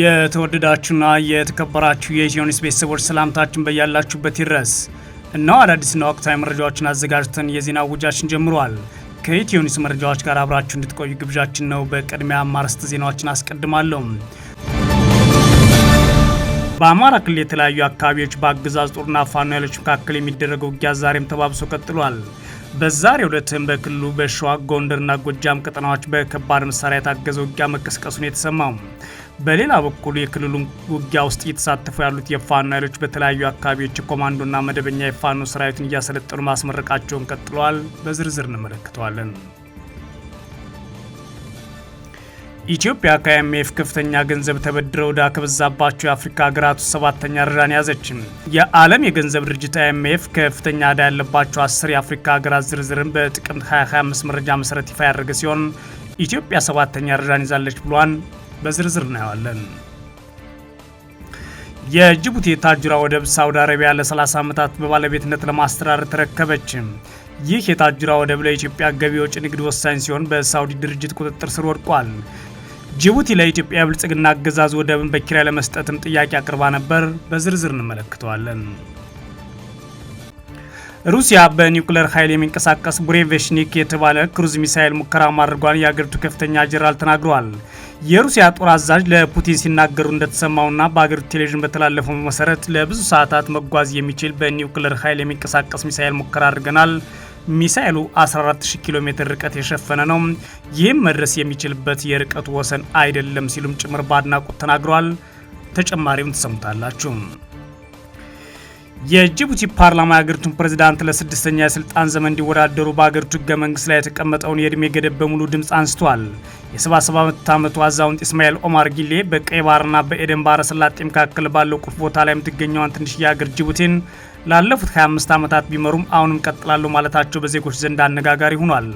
የተወደዳችሁና የተከበራችሁ የኢትዮኒውስ ቤተሰቦች ሰላምታችን በያላችሁበት ይድረስ። እነሆ አዳዲስና ወቅታዊ መረጃዎችን አዘጋጅተን የዜና ውጃችን ጀምሯል። ከኢትዮኒስ መረጃዎች ጋር አብራችሁ እንድትቆዩ ግብዣችን ነው። በቅድሚያ አርዕስተ ዜናዎችን አስቀድማለሁ። በአማራ ክልል የተለያዩ አካባቢዎች በአገዛዝ ጦርና ፋኖ ኃይሎች መካከል የሚደረገው ውጊያ ዛሬም ተባብሶ ቀጥሏል። በዛሬው ዕለትም በክልሉ በሸዋ ጎንደርና ጎጃም ቀጠናዎች በከባድ መሳሪያ የታገዘ ውጊያ መቀስቀሱን የተሰማው በሌላ በኩል የክልሉን ውጊያ ውስጥ እየተሳተፉ ያሉት የፋኖ ኃይሎች በተለያዩ አካባቢዎች የኮማንዶና መደበኛ የፋኖ ሰራዊትን እያሰለጠኑ ማስመረቃቸውን ቀጥለዋል። በዝርዝር እንመለከተዋለን። ኢትዮጵያ ከአይኤምኤፍ ከፍተኛ ገንዘብ ተበድረው ዕዳ ከበዛባቸው የአፍሪካ ሀገራት ውስጥ ሰባተኛ ደረጃን ያዘችም። የዓለም የገንዘብ ድርጅት አይኤምኤፍ ከፍተኛ ዕዳ ያለባቸው አስር የአፍሪካ ሀገራት ዝርዝርን በጥቅምት 2025 መረጃ መሰረት ይፋ ያደረገ ሲሆን ኢትዮጵያ ሰባተኛ ደረጃን ይዛለች ብሏን። በዝርዝር እናየዋለን። የጅቡቲ የታጁራ ወደብ ሳውዲ አረቢያ ለ30 ዓመታት በባለቤትነት ለማስተዳደር ተረከበች። ይህ የታጁራ ወደብ ለኢትዮጵያ ገቢ ወጪ ንግድ ወሳኝ ሲሆን በሳውዲ ድርጅት ቁጥጥር ስር ወድቋል። ጅቡቲ ለኢትዮጵያ ብልጽግና አገዛዝ ወደብን በኪራይ ለመስጠትም ጥያቄ አቅርባ ነበር። በዝርዝር እንመለከተዋለን። ሩሲያ በኒውክሌር ኃይል የሚንቀሳቀስ ቡሬቬሽኒክ የተባለ ክሩዝ ሚሳይል ሙከራ ማድረጓን የአገሪቱ ከፍተኛ ጀነራል ተናግረዋል። የሩሲያ ጦር አዛዥ ለፑቲን ሲናገሩ እንደተሰማውና በአገሪቱ ቴሌቪዥን በተላለፈው መሰረት ለብዙ ሰዓታት መጓዝ የሚችል በኒውክሌር ኃይል የሚንቀሳቀስ ሚሳይል ሙከራ አድርገናል። ሚሳኤሉ 140 ኪሎ ሜትር ርቀት የሸፈነ ነው። ይህም መድረስ የሚችልበት የርቀቱ ወሰን አይደለም ሲሉም ጭምር በአድናቆት ተናግረዋል። ተጨማሪውን ትሰሙታላችሁ። የጅቡቲ ፓርላማ የሀገሪቱን ፕሬዚዳንት ለስድስተኛ የስልጣን ዘመን እንዲወዳደሩ በሀገሪቱ ህገ መንግስት ላይ የተቀመጠውን የእድሜ ገደብ በሙሉ ድምፅ አንስቷል። የ77 ዓመቱ አዛውንት ኢስማኤል ኦማር ጊሌ በቀይ ባህርና በኤደን ባህረ ሰላጤ መካከል ባለው ቁልፍ ቦታ ላይ የምትገኘዋን ትንሽ የሀገር ጅቡቲን ላለፉት 25 ዓመታት ቢመሩም አሁንም ቀጥላሉ ማለታቸው በዜጎች ዘንድ አነጋጋሪ ሆኗል።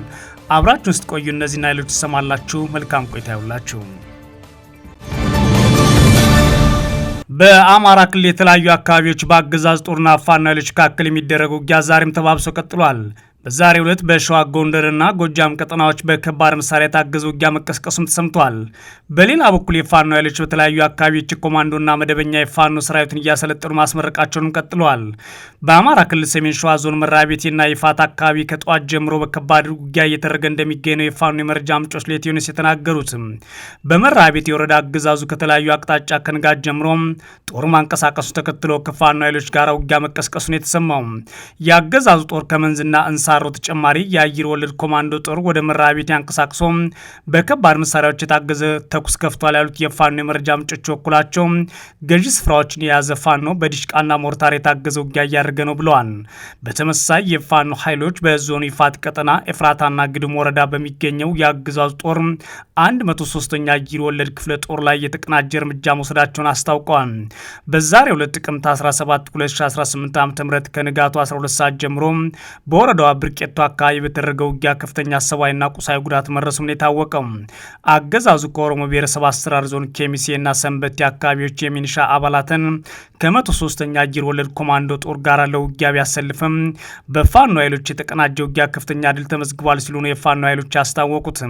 አብራችሁን ውስጥ ቆዩ። እነዚህና ሌሎች ትሰማላችሁ። መልካም ቆይታ ይሁንላችሁ። በአማራ ክልል የተለያዩ አካባቢዎች በአገዛዝ ጦርና ፋኖ ኃይሎች መካከል የሚደረገው ውጊያ ዛሬም ተባብሶ ቀጥሏል። በዛሬ ዕለት በሸዋ ጎንደርና ጎጃም ቀጠናዎች በከባድ መሳሪያ የታገዘ ውጊያ መቀስቀሱም ተሰምቷል። በሌላ በኩል የፋኖ ኃይሎች በተለያዩ አካባቢዎች ኮማንዶና መደበኛ የፋኖ ሰራዊትን እያሰለጠኑ ማስመረቃቸውንም ቀጥለዋል። በአማራ ክልል ሰሜን ሸዋ ዞን መራቤቴና ይፋት አካባቢ ከጠዋት ጀምሮ በከባድ ውጊያ እየተደረገ እንደሚገኝ ነው የፋኖ የመረጃ ምንጮች ለኢትዮኒውስ የተናገሩትም። በመራቤቴ የወረዳ አገዛዙ ከተለያዩ አቅጣጫ ከንጋት ጀምሮም ጦር ማንቀሳቀሱ ተከትሎ ከፋኖ ኃይሎች ጋር ውጊያ መቀስቀሱን የተሰማው የአገዛዙ ጦር ከመንዝና እንሳ ሳሮ ተጨማሪ የአየር ወለድ ኮማንዶ ጦር ወደ መራ ቤት ያንቀሳቅሶ በከባድ መሳሪያዎች የታገዘ ተኩስ ከፍቷል ያሉት የፋኖ የመረጃ ምንጮች በኩላቸው ገዢ ስፍራዎችን የያዘ ፋኖ በዲሽቃና ሞርታር የታገዘ ውጊያ እያደረገ ነው ብለዋል። በተመሳሳይ የፋኖ ኃይሎች በዞኑ ይፋት ቀጠና ኤፍራታና ግድም ወረዳ በሚገኘው የአገዛዙ ጦር 103ኛ አየር ወለድ ክፍለ ጦር ላይ የተቀናጀ እርምጃ መውሰዳቸውን አስታውቀዋል። በዛሬ ዕለት ጥቅምት 17 2018 ዓ ም ከንጋቱ 12 ሰዓት ጀምሮ በወረዳዋ ብርቄቶ አካባቢ በተደረገው ውጊያ ከፍተኛ ሰብአዊና ቁሳዊ ጉዳት መድረሱም ነው የታወቀው። አገዛዙ ከኦሮሞ ብሔረሰብ አስተዳደር ዞን ኬሚሴና ሰንበቴ አካባቢዎች የሚኒሻ አባላትን ከመቶ ሶስተኛ አየር ወለድ ኮማንዶ ጦር ጋር ለውጊያ ቢያሰልፍም በፋኖ ኃይሎች የተቀናጀ ውጊያ ከፍተኛ ድል ተመዝግቧል ሲሉ ነው የፋኖ ኃይሎች ያስታወቁት።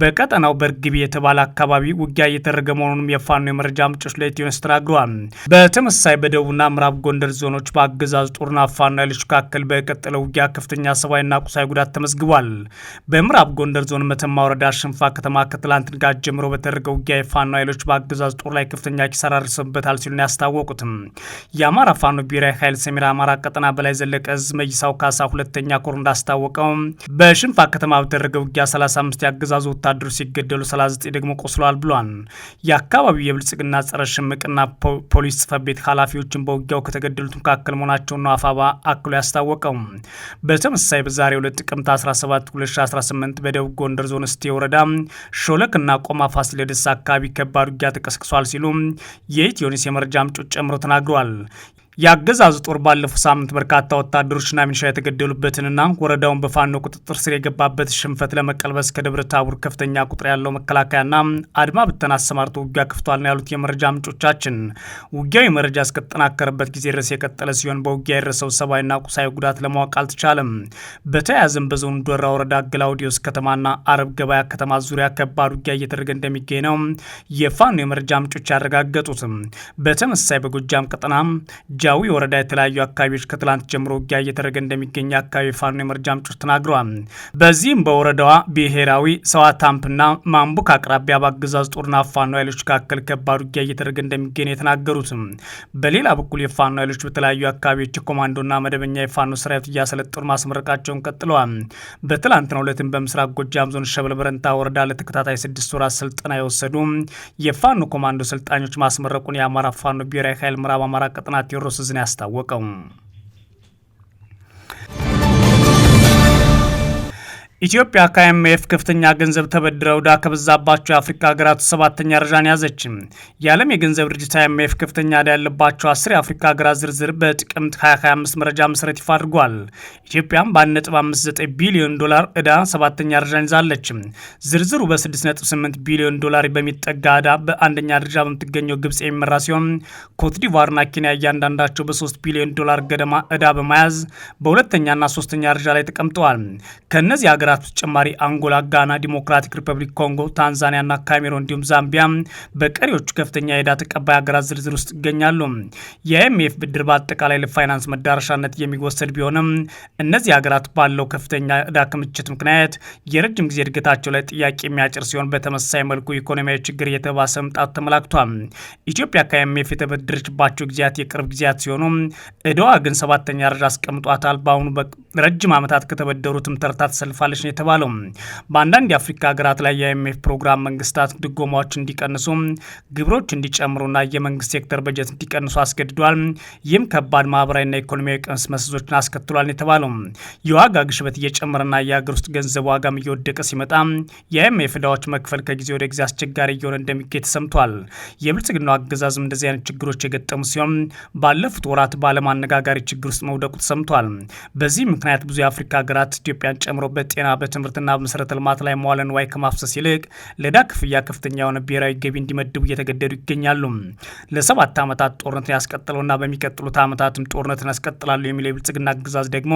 በቀጠናው በእርግቢ የተባለ አካባቢ ውጊያ እየተደረገ መሆኑንም የፋኖ የመረጃ ምንጮች ለኢትዮንስ ተናግረዋል። በተመሳሳይ በደቡብና ምዕራብ ጎንደር ዞኖች በአገዛዙ ጦርና ፋኖ ኃይሎች መካከል በቀጠለው ውጊያ ከፍተኛ ሰብአዊና ቁሳዊ ጉዳት ተመዝግቧል። በምዕራብ ጎንደር ዞን መተማ ወረዳ ሽንፋ ከተማ ከትላንት ንጋት ጀምሮ በተደረገው ውጊያ የፋኖ ኃይሎች በአገዛዝ ጦር ላይ ከፍተኛ ኪሳራ ደርሰበታል ሲሉ ያስታወቁትም የአማራ ፋኖ ብሔራዊ ኃይል ሰሜን አማራ ቀጠና በላይ ዘለቀ እዝ መይሳው ካሳ ሁለተኛ ኮር እንዳስታወቀው በሽንፋ ከተማ በተደረገው ውጊያ 35 የአገዛዙ ወታደሮች ሲገደሉ 39 ደግሞ ቆስለዋል ብሏል። የአካባቢው የብልጽግና ጸረ ሽምቅና ፖሊስ ጽፈት ቤት ኃላፊዎችን በውጊያው ከተገደሉት መካከል መሆናቸውን ነው አፋባ አክሎ ያስታወቀው። በተመሳ ሲሳይ በዛሬው ዕለት ጥቅምት 17 2018 በደቡብ ጎንደር ዞን እስቴ ወረዳ እና ቆማ ፋሲለደስ አካባቢ ከባድ ውጊያ ተቀስቅሷል ሲሉ የኢትዮኒስ የመረጃ ምንጮች ጨምሮ ተናግረዋል። የአገዛዙ ጦር ባለፈው ሳምንት በርካታ ወታደሮችና ሚኒሻ የተገደሉበትንና ወረዳውን በፋኖ ቁጥጥር ስር የገባበት ሽንፈት ለመቀልበስ ከደብረ ታቦር ከፍተኛ ቁጥር ያለው መከላከያና አድማ ብተና አሰማርቶ ውጊያ ከፍቷል ነው ያሉት የመረጃ ምንጮቻችን። ውጊያዊ መረጃ እስከተጠናከረበት ጊዜ ድረስ የቀጠለ ሲሆን በውጊያ የደረሰው ሰብአዊና ቁሳዊ ጉዳት ለማወቅ አልተቻለም። በተያያዘም በዞኑ ዶራ ወረዳ ገላውዲዮስ ከተማና አረብ ገበያ ከተማ ዙሪያ ከባድ ውጊያ እየተደረገ እንደሚገኝ ነው የፋኖ የመረጃ ምንጮች ያረጋገጡትም። በተመሳሳይ በጎጃም ቀጠና በጃዊ ወረዳ የተለያዩ አካባቢዎች ከትላንት ጀምሮ ውጊያ እየተደረገ እንደሚገኝ የአካባቢ ፋኖ የመረጃ ምንጮች ተናግረዋል። በዚህም በወረዳዋ ብሔራዊ ሰዋ ታምፕና ማንቡክ አቅራቢያ በአገዛዝ ጦርና ፋኖ ኃይሎች መካከል ከባድ ውጊያ እየተደረገ እንደሚገኝ የተናገሩት በሌላ በኩል የፋኖ ኃይሎች በተለያዩ አካባቢዎች የኮማንዶና መደበኛ የፋኖ ሰራዊት እያሰለጠኑ ማስመረቃቸውን ቀጥለዋል። በትላንትናው ዕለትም በምስራቅ ጎጃም ዞን ሸበል በረንታ ወረዳ ለተከታታይ ስድስት ወራት ስልጠና የወሰዱ የፋኖ ኮማንዶ ሰልጣኞች ማስመረቁን የአማራ ፋኖ ብሔራዊ ኃይል ምዕራብ አማራ ቀጠና ቴዎድሮስ መደምሰሱን ያስታወቀው ኢትዮጵያ ከአይኤምኤፍ ከፍተኛ ገንዘብ ተበድረው ዕዳ ከበዛባቸው የአፍሪካ ሀገራት ሰባተኛ ደረጃን ያዘች። የዓለም የገንዘብ ድርጅት አይኤምኤፍ ከፍተኛ ዕዳ ያለባቸው አስር የአፍሪካ ሀገራት ዝርዝር በጥቅምት 2025 መረጃ መሰረት ይፋ አድርጓል። ኢትዮጵያም በ1.59 ቢሊዮን ዶላር ዕዳ ሰባተኛ ደረጃን ይዛለች። ዝርዝሩ በ6.8 ቢሊዮን ዶላር በሚጠጋ ዕዳ በአንደኛ ደረጃ በምትገኘው ግብፅ የሚመራ ሲሆን ኮትዲቫርና ኬንያ እያንዳንዳቸው በ3 ቢሊዮን ዶላር ገደማ ዕዳ በመያዝ በሁለተኛና ሶስተኛ ደረጃ ላይ ተቀምጠዋል። ከእነዚህ ሀገራት ሀገራት በተጨማሪ አንጎላ፣ ጋና፣ ዲሞክራቲክ ሪፐብሊክ ኮንጎ፣ ና ካሜሮ እንዲሁም ዛምቢያ በቀሪዎቹ ከፍተኛ የዕዳ ተቀባይ ሀገራት ዝርዝር ውስጥ ይገኛሉ። የአይኤምኤፍ ብድር በአጠቃላይ ለፋይናንስ መዳረሻነት የሚወሰድ ቢሆንም እነዚህ ሀገራት ባለው ከፍተኛ ዕዳ ክምችት ምክንያት የረጅም ጊዜ እድገታቸው ላይ ጥያቄ የሚያጭር ሲሆን በተመሳሳይ መልኩ ኢኮኖሚያዊ ችግር እየተባሰ መምጣቱ ተመላክቷል። ኢትዮጵያ ከአይኤምኤፍ የተበደረችባቸው ጊዜያት የቅርብ ጊዜያት ሲሆኑ ዕዳዋ ግን ሰባተኛ ደረጃ አስቀምጧታል። በአሁኑ ረጅም ዓመታት ከተበደሩትም ተርታ ተሰልፋለች ትችላለች ነው የተባለው። በአንዳንድ የአፍሪካ ሀገራት ላይ የአይኤምኤፍ ፕሮግራም መንግስታት ድጎማዎች እንዲቀንሱ፣ ግብሮች እንዲጨምሩና የመንግስት ሴክተር በጀት እንዲቀንሱ አስገድዷል። ይህም ከባድ ማህበራዊና ኢኮኖሚያዊ ቀንስ መዘዞችን አስከትሏል ነው የተባለው። የዋጋ ግሽበት እየጨመረና የሀገር ውስጥ ገንዘብ ዋጋም እየወደቀ ሲመጣ የአይኤምኤፍ ዕዳዎች መክፈል ከጊዜ ወደ ጊዜ አስቸጋሪ እየሆነ እንደሚገኝ ተሰምቷል። የብልጽግናው አገዛዝም እንደዚህ አይነት ችግሮች የገጠሙ ሲሆን ባለፉት ወራት በዓለም አነጋጋሪ ችግር ውስጥ መውደቁ ተሰምቷል። በዚህ ምክንያት ብዙ የአፍሪካ ሀገራት ኢትዮጵያን ጨምሮ በጤና በትምህርትና በመሰረተ ልማት ላይ መዋለ ንዋይ ከማፍሰስ ይልቅ ለዕዳ ክፍያ ከፍተኛ የሆነ ብሔራዊ ገቢ እንዲመድቡ እየተገደዱ ይገኛሉ። ለሰባት ዓመታት ጦርነትን ያስቀጥለውና በሚቀጥሉት ዓመታትም ጦርነትን ያስቀጥላሉ የሚለው የብልጽግና ግዛዝ ደግሞ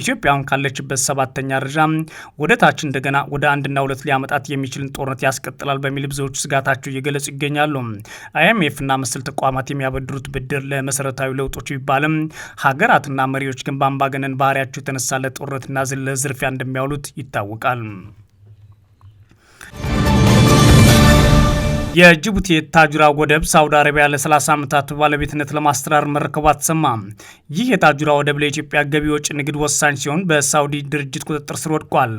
ኢትዮጵያን ካለችበት ሰባተኛ ደረጃ ወደ ታች እንደገና ወደ አንድና ሁለት ሊያመጣት የሚችልን ጦርነት ያስቀጥላል በሚል ብዙዎቹ ስጋታቸው እየገለጹ ይገኛሉ። አይኤምኤፍና መሰል ተቋማት የሚያበድሩት ብድር ለመሰረታዊ ለውጦች ቢባልም ሀገራትና መሪዎች ግን በአምባገነን ባህሪያቸው የተነሳ ለጦርነትና ለዝርፊያ እንደሚያውሉት ይታወቃል። የጅቡቲ የታጁራ ወደብ ሳውዲ አረቢያ ለ30 ዓመታት ባለቤትነት ለማስተራር መረከቧ ተሰማ። ይህ የታጁራ ወደብ ለኢትዮጵያ ገቢ ወጪ ንግድ ወሳኝ ሲሆን በሳውዲ ድርጅት ቁጥጥር ስር ወድቋል።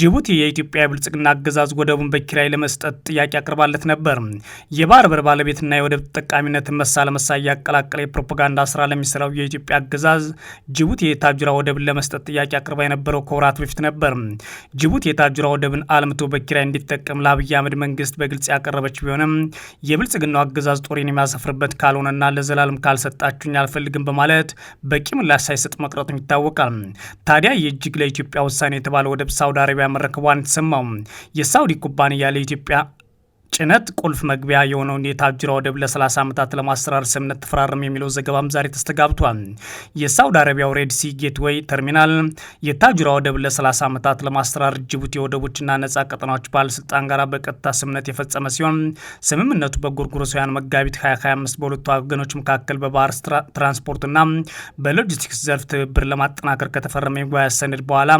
ጅቡቲ የኢትዮጵያ የብልጽግና አገዛዝ ወደቡን በኪራይ ለመስጠት ጥያቄ አቅርባለት ነበር። የባህር በር ባለቤትና የወደብ ተጠቃሚነትን መሳ ለመሳ እያቀላቀለ የፕሮፓጋንዳ ስራ ለሚሰራው የኢትዮጵያ አገዛዝ ጅቡቲ የታጁራ ወደብን ለመስጠት ጥያቄ አቅርባ የነበረው ከወራት በፊት ነበር። ጅቡቲ የታጁራ ወደብን አልምቶ በኪራይ እንዲጠቀም ለአብይ አህመድ መንግስት በግልጽ ያቀረበች ቢሆንም የብልጽግናው አገዛዝ ጦሬን የሚያሰፍርበት ካልሆነና ለዘላለም ካልሰጣችሁኝ አልፈልግም በማለት በቂ ምላሽ ሳይሰጥ መቅረቱም ይታወቃል። ታዲያ የእጅግ ለኢትዮጵያ ውሳኔ የተባለ ወደብ ሳውዲ አረቢያ መረከቧን የተሰማው የሳውዲ ኩባንያ ለኢትዮጵያ ጭነት ቁልፍ መግቢያ የሆነውን የታብጅራ ወደብ ለ30 ዓመታት ለማሰራር ስምነት ተፈራረም የሚለው ዘገባም ዛሬ ተስተጋብቷል። የሳውዲ አረቢያው ሬድሲ ጌትዌይ ተርሚናል የታብጅራ ወደብ ለ30 ዓመታት ለማሰራር ጅቡቲ ወደቦችና ነጻ ቀጠናዎች ባለስልጣን ጋር በቀጥታ ስምነት የፈጸመ ሲሆን ስምምነቱ በጎርጎሮሳውያን መጋቢት 2025 በሁለቱ ወገኖች መካከል በባህር ትራንስፖርትና በሎጂስቲክስ ዘርፍ ትብብር ለማጠናከር ከተፈረመ የመግባቢያ ሰነድ በኋላ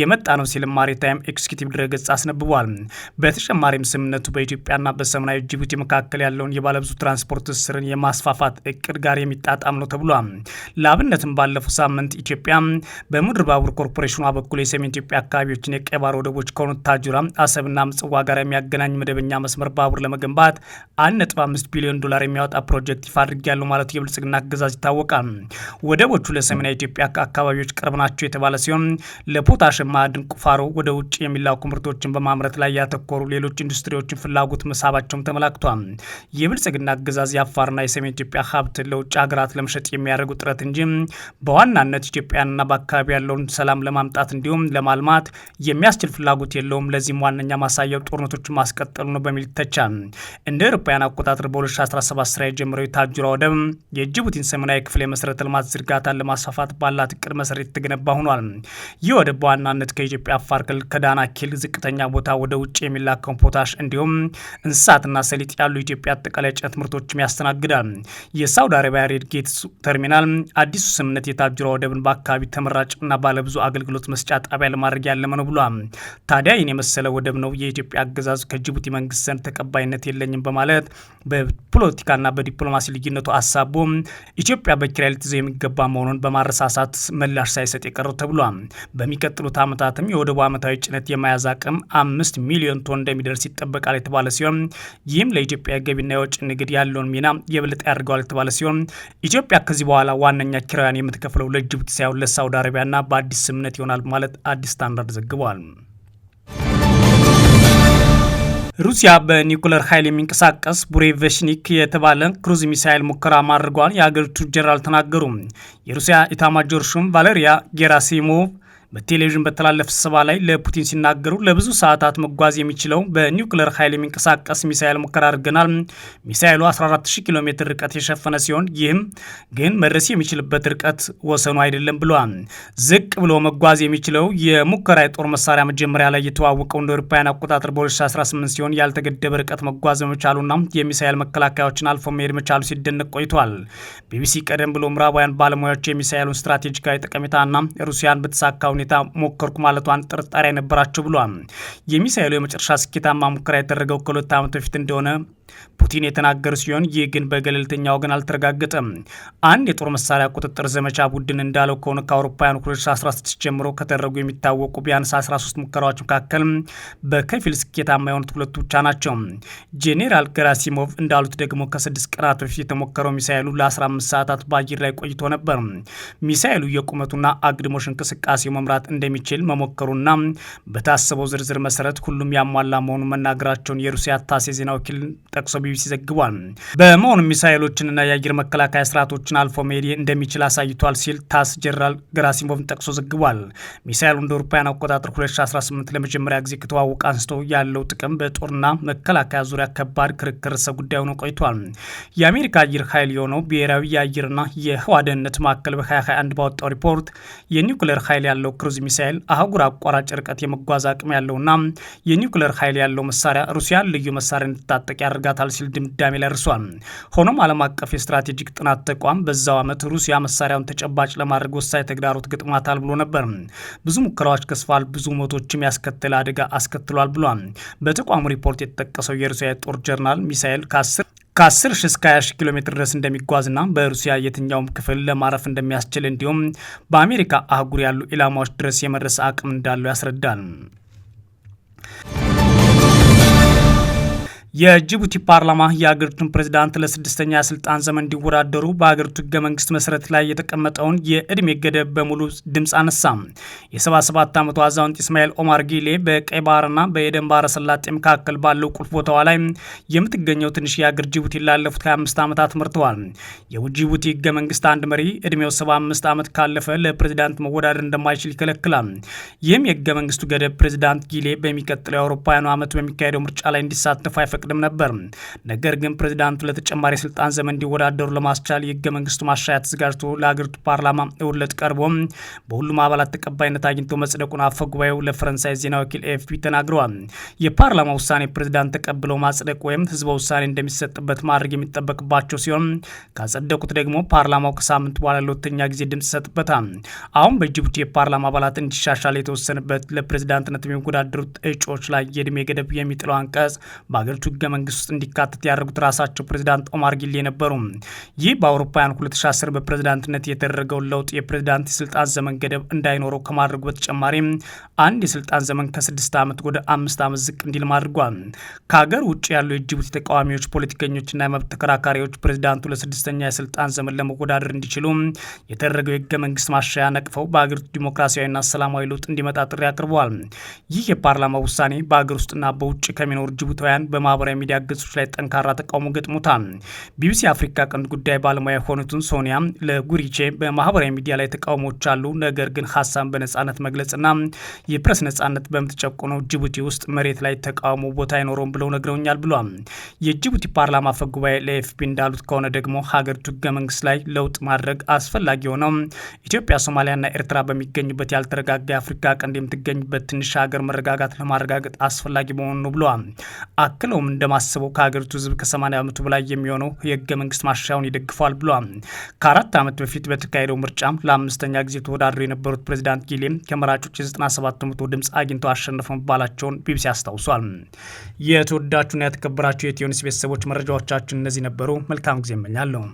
የመጣ ነው ሲል ማሪታይም ኤክስኪቲቭ ድረገጽ አስነብቧል። በተጨማሪም ስምምነቱ በኢትዮ በኢትዮጵያና በሰሜናዊ ጅቡቲ መካከል ያለውን የባለብዙ ትራንስፖርት ትስስርን የማስፋፋት እቅድ ጋር የሚጣጣም ነው ተብሏል። ለአብነትም ባለፈው ሳምንት ኢትዮጵያ በምድር ባቡር ኮርፖሬሽኑ በኩል የሰሜን ኢትዮጵያ አካባቢዎችን የቀይ ባህር ወደቦች ከሆኑት ታጁራ፣ አሰብና ምጽዋ ጋር የሚያገናኝ መደበኛ መስመር ባቡር ለመገንባት 1.5 ቢሊዮን ዶላር የሚያወጣ ፕሮጀክት ይፋ አድርጊያለሁ ማለቱ የብልጽግና አገዛዝ ይታወቃል። ወደቦቹ ለሰሜናዊ ኢትዮጵያ አካባቢዎች ቅርብ ናቸው የተባለ ሲሆን ለፖታሽ፣ ማዕድን፣ ቁፋሮ ወደ ውጭ የሚላኩ ምርቶችን በማምረት ላይ ያተኮሩ ሌሎች ኢንዱስትሪዎችን ፍላጎት ፍላጎት መሳባቸውም ተመላክቷል። የብልጽግና አገዛዝ የአፋርና የሰሜን ኢትዮጵያ ሀብት ለውጭ ሀገራት ለመሸጥ የሚያደርጉ ጥረት እንጂ በዋናነት ኢትዮጵያንና በአካባቢ ያለውን ሰላም ለማምጣት እንዲሁም ለማልማት የሚያስችል ፍላጎት የለውም። ለዚህም ዋነኛ ማሳያው ጦርነቶችን ማስቀጠሉ ነው በሚል ይተቻል። እንደ አውሮፓውያን አቆጣጠር በ2017 ስራ የጀመረው የታጁራ ወደብ የጅቡቲን ሰሜናዊ ክፍል የመሰረተ ልማት ዝርጋታን ለማስፋፋት ባላት እቅድ መሰረት የተገነባ ሆኗል። ይህ ወደብ በዋናነት ከኢትዮጵያ አፋር ክልል ከዳና ኪል ዝቅተኛ ቦታ ወደ ውጭ የሚላከውን ፖታሽ እንዲሁም እንስሳትና ሰሊጥ ያሉ ኢትዮጵያ አጠቃላይ ጭነት ምርቶችም ያስተናግዳል። የሳውዲ አረቢያ ሬድ ተርሚናል አዲሱ ስምምነት የታጅራ ወደብን በአካባቢ ተመራጭና ባለብዙ አገልግሎት መስጫ ጣቢያ ለማድረግ ያለመ ነው ብሏል። ታዲያ ይህን የመሰለ ወደብ ነው የኢትዮጵያ አገዛዝ ከጅቡቲ መንግስት ዘንድ ተቀባይነት የለኝም በማለት በፖለቲካና በዲፕሎማሲ ልዩነቱ አሳቦ ኢትዮጵያ በኪራይ ልትይዘው የሚገባ መሆኑን በማረሳሳት ምላሽ ሳይሰጥ የቀረው ተብሏል። በሚቀጥሉት ዓመታትም የወደቡ ዓመታዊ ጭነት የመያዝ አቅም አምስት ሚሊዮን ቶን እንደሚደርስ ይጠበቃል የተባለ ሲሆን ይህም ለኢትዮጵያ ገቢና የውጭ ንግድ ያለውን ሚና የበለጠ ያደርገዋል የተባለ ሲሆን ኢትዮጵያ ከዚህ በኋላ ዋነኛ ኪራያን የምትከፍለው ለጅቡቲ ሳይሆን ለሳውዲ አረቢያና በአዲስ ስምምነት ይሆናል ማለት አዲስ ስታንዳርድ ዘግቧል። ሩሲያ በኒኩለር ኃይል የሚንቀሳቀስ ቡሬቨሽኒክ የተባለ ክሩዝ ሚሳይል ሙከራ ማድርጓን የአገሪቱ ጀነራል ተናገሩ። የሩሲያ ኢታማጆር ሹም ቫሌሪያ ጌራሲሞቭ በቴሌቪዥን በተላለፈ ስብሰባ ላይ ለፑቲን ሲናገሩ ለብዙ ሰዓታት መጓዝ የሚችለው በኒውክሌር ኃይል የሚንቀሳቀስ ሚሳኤል ሙከራ አድርገናል። ሚሳኤሉ 140 ኪሎ ሜትር ርቀት የሸፈነ ሲሆን ይህም ግን መድረስ የሚችልበት ርቀት ወሰኑ አይደለም ብለዋል። ዝቅ ብሎ መጓዝ የሚችለው የሙከራ የጦር መሳሪያ መጀመሪያ ላይ የተዋወቀው እንደ አውሮፓውያን አቆጣጠር በ2018 ሲሆን ያልተገደበ ርቀት መጓዝ መቻሉና የሚሳኤል መከላከያዎችን አልፎ መሄድ መቻሉ ሲደነቅ ቆይቷል። ቢቢሲ ቀደም ብሎ ምዕራባውያን ባለሙያዎች የሚሳይሉን ስትራቴጂካዊ ጠቀሜታና ሩሲያን በተሳካ ሁኔታ ሞከርኩ ማለቷን ጥርጣሬ የነበራቸው ብሏል። የሚሳኤሉ የመጨረሻ ስኬታማ ሙከራ የተደረገው ከሁለት ዓመት በፊት እንደሆነ ፑቲን የተናገሩ ሲሆን ይህ ግን በገለልተኛ ወገን አልተረጋገጠም። አንድ የጦር መሳሪያ ቁጥጥር ዘመቻ ቡድን እንዳለው ከሆነ ከአውሮፓውያኑ 2016 ጀምሮ ከተደረጉ የሚታወቁ ቢያንስ 13 ሙከራዎች መካከል በከፊል ስኬታማ የሆኑት ሁለቱ ብቻ ናቸው። ጄኔራል ገራሲሞቭ እንዳሉት ደግሞ ከስድስት ቀናት በፊት የተሞከረው ሚሳይሉ ለ15 ሰዓታት በአየር ላይ ቆይቶ ነበር። ሚሳይሉ የቁመቱና አግድሞሽ እንቅስቃሴው መምራት መምራት እንደሚችል መሞከሩና በታሰበው ዝርዝር መሰረት ሁሉም ያሟላ መሆኑን መናገራቸውን የሩሲያ ታሴ ዜና ወኪል ጠቅሶ ቢቢሲ ዘግቧል። በመሆኑ ሚሳኤሎችንና የአየር መከላከያ ስርዓቶችን አልፎ መሄድ እንደሚችል አሳይቷል ሲል ታስ ጀነራል ገራሲሞቭን ጠቅሶ ዘግቧል። ሚሳኤሉ እንደ አውሮፓውያን አቆጣጠር 2018 ለመጀመሪያ ጊዜ ከተዋወቀ አንስቶ ያለው ጥቅም በጦርና መከላከያ ዙሪያ ከባድ ክርክር ርዕሰ ጉዳይ ሆኖ ቆይቷል። የአሜሪካ አየር ኃይል የሆነው ብሔራዊ የአየርና የህዋ ደህንነት ማዕከል በ2021 ባወጣው ሪፖርት የኒውክሌር ኃይል ያለው ክሩዝ ሚሳይል አህጉር አቋራጭ ርቀት የመጓዝ አቅም ያለውና የኒውክሌር ኃይል ያለው መሳሪያ ሩሲያ ልዩ መሳሪያ እንድታጠቅ ያደርጋታል ሲል ድምዳሜ ላይ ደርሷል። ሆኖም ዓለም አቀፍ የስትራቴጂክ ጥናት ተቋም በዛው ዓመት ሩሲያ መሳሪያውን ተጨባጭ ለማድረግ ወሳኝ ተግዳሮት ገጥሟታል ብሎ ነበር። ብዙ ሙከራዎች ከስፋል፣ ብዙ ሞቶችም ያስከተለ አደጋ አስከትሏል ብሏል። በተቋሙ ሪፖርት የተጠቀሰው የሩሲያ የጦር ጀርናል ሚሳኤል ከአስር ከ10 ሺ እስከ 20 ሺ ኪሎ ሜትር ድረስ እንደሚጓዝና በሩሲያ የትኛውም ክፍል ለማረፍ እንደሚያስችል እንዲሁም በአሜሪካ አህጉር ያሉ ኢላማዎች ድረስ የመድረስ አቅም እንዳለው ያስረዳል። የጅቡቲ ፓርላማ የአገሪቱን ፕሬዚዳንት ለስድስተኛ ስልጣን ዘመን እንዲወዳደሩ በአገሪቱ ህገ መንግስት መሰረት ላይ የተቀመጠውን የእድሜ ገደብ በሙሉ ድምፅ አነሳ። የ77 ዓመቱ አዛውንት ኢስማኤል ኦማር ጊሌ በቀይ ባህርና በኤደን ባህረ ሰላጤ መካከል ባለው ቁልፍ ቦታዋ ላይ የምትገኘው ትንሽ የአገር ጅቡቲ ላለፉት 25 ዓመታት መርተዋል። የጅቡቲ ህገ መንግስት አንድ መሪ እድሜው 75 ዓመት ካለፈ ለፕሬዚዳንት መወዳደር እንደማይችል ይከለክላል። ይህም የህገ መንግስቱ ገደብ ፕሬዚዳንት ጊሌ በሚቀጥለው የአውሮፓውያኑ ዓመት በሚካሄደው ምርጫ ላይ እንዲሳተፉ አይፈቅድም ይፈቅድም ነበር። ነገር ግን ፕሬዚዳንቱ ለተጨማሪ የስልጣን ዘመን እንዲወዳደሩ ለማስቻል የህገ መንግስቱ ማሻያ ተዘጋጅቶ ለሀገሪቱ ፓርላማ እሁድ ዕለት ቀርቦ በሁሉም አባላት ተቀባይነት አግኝቶ መጽደቁን አፈ ጉባኤው ለፈረንሳይ ዜና ወኪል ኤፍፒ ተናግረዋል። የፓርላማ ውሳኔ ፕሬዚዳንት ተቀብለው ማጽደቅ ወይም ህዝበ ውሳኔ እንደሚሰጥበት ማድረግ የሚጠበቅባቸው ሲሆን ካጸደቁት ደግሞ ፓርላማው ከሳምንት በኋላ ለሁለተኛ ጊዜ ድምጽ ይሰጥበታል። አሁን በጅቡቲ የፓርላማ አባላት እንዲሻሻል የተወሰነበት ለፕሬዚዳንትነት የሚወዳደሩት እጩዎች ላይ የእድሜ ገደብ የሚጥለው አንቀጽ በአገሪቱ ህገ መንግስት ውስጥ እንዲካተት ያደረጉት ራሳቸው ፕሬዚዳንት ኦማር ጊሌ ነበሩ። ይህ በአውሮፓውያን 2010 በፕሬዚዳንትነት የተደረገውን ለውጥ የፕሬዚዳንት የስልጣን ዘመን ገደብ እንዳይኖረው ከማድረጉ በተጨማሪ አንድ የስልጣን ዘመን ከስድስት ዓመት ወደ አምስት ዓመት ዝቅ እንዲል አድርጓል። ከሀገር ውጭ ያሉ የጅቡቲ ተቃዋሚዎች፣ ፖለቲከኞችና የመብት ተከራካሪዎች ፕሬዚዳንቱ ለስድስተኛ የስልጣን ዘመን ለመወዳደር እንዲችሉ የተደረገው የህገ መንግስት ማሻያ ነቅፈው በሀገሪቱ ዲሞክራሲያዊና ሰላማዊ ለውጥ እንዲመጣ ጥሪ አቅርበዋል። ይህ የፓርላማ ውሳኔ በሀገር ውስጥና በውጭ ከሚኖሩ ጅቡታውያን በማ ማህበራዊ ሚዲያ ገጾች ላይ ጠንካራ ተቃውሞ ገጥሞታል። ቢቢሲ አፍሪካ ቀንድ ጉዳይ ባለሙያ የሆኑትን ሶኒያ ለጉሪቼ በማህበራዊ ሚዲያ ላይ ተቃውሞዎች አሉ፣ ነገር ግን ሀሳብን በነጻነት መግለጽና የፕረስ ነጻነት በምትጨቁነው ጅቡቲ ውስጥ መሬት ላይ ተቃውሞ ቦታ አይኖረውም ብለው ነግረውኛል ብሏል። የጅቡቲ ፓርላማ አፈ ጉባኤ ለኤፍፒ እንዳሉት ከሆነ ደግሞ ሀገሪቱ ህገ መንግስት ላይ ለውጥ ማድረግ አስፈላጊ የሆነው ኢትዮጵያ፣ ሶማሊያና ኤርትራ በሚገኙበት ያልተረጋጋ የአፍሪካ ቀንድ የምትገኝበት ትንሽ ሀገር መረጋጋት ለማረጋገጥ አስፈላጊ መሆኑ ነው ብለዋል። አክለውም እንደማስበው ከሀገሪቱ ህዝብ ከ80 ዓመቱ በላይ የሚሆነው የህገ መንግስት ማሻሻያውን ይደግፏል ብሏል። ከአራት ዓመት በፊት በተካሄደው ምርጫም ለአምስተኛ ጊዜ ተወዳድረው የነበሩት ፕሬዚዳንት ጊሌም ከመራጮች የ97 በመቶ ድምፅ አግኝተው አሸነፈ መባላቸውን ቢቢሲ አስታውሷል። የተወዳችሁና የተከበራቸው የኢትዮ ኒውስ ቤተሰቦች መረጃዎቻችን እነዚህ ነበሩ። መልካም ጊዜ እመኛለሁ።